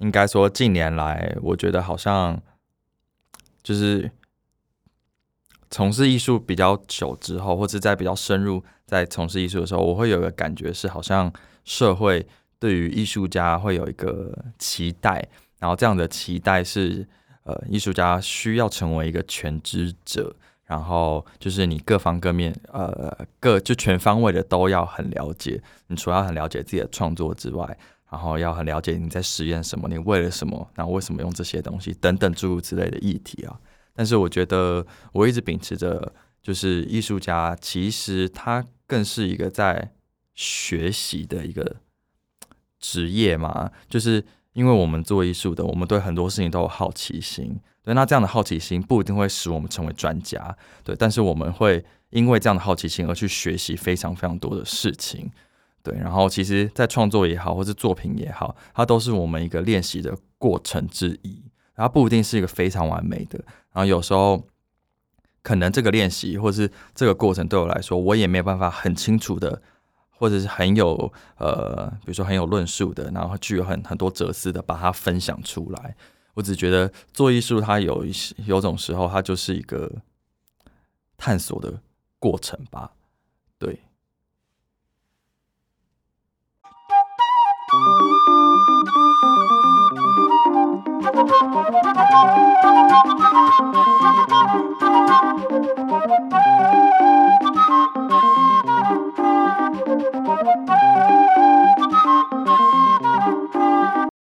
應該說，近年來，我覺得好像就是從事藝術比較久之後，或者在比較深入在從事藝術的時候，我會有一個感覺是好像社會，對於藝術家會有一個期待，然後這樣的期待是，呃，藝術家需要成為一個全知者，然後就是你各方各面，呃，各就全方位的都要很了解。你除了要很了解自己的創作之外，然後要很了解你在實驗什麼，你為了什麼，然後為什麼用這些東西等等諸如此類的議題啊。但是我覺得我一直秉持着，就是藝術家其實他更是一個在學習的一個。職業嘛，就是因為我們做藝術的，我們對很多事情都有好奇心。對，那這樣的好奇心不一定會使我們成為專家。對，但是我們會因為這樣的好奇心而去學習非常非常多的事情。對，然後其實，在創作也好，或是作品也好，它都是我們一個練習的過程之一。它不一定是一個非常完美的。然後有時候，可能這個練習或是這個過程對我來說，我也沒有辦法很清楚的。或者是很有呃，比如說很有論述的，然後具有很很多哲思的，把它分享出來。我只覺得做藝術，它有一些有種時候，它就是一個探索的過程吧。對。嗯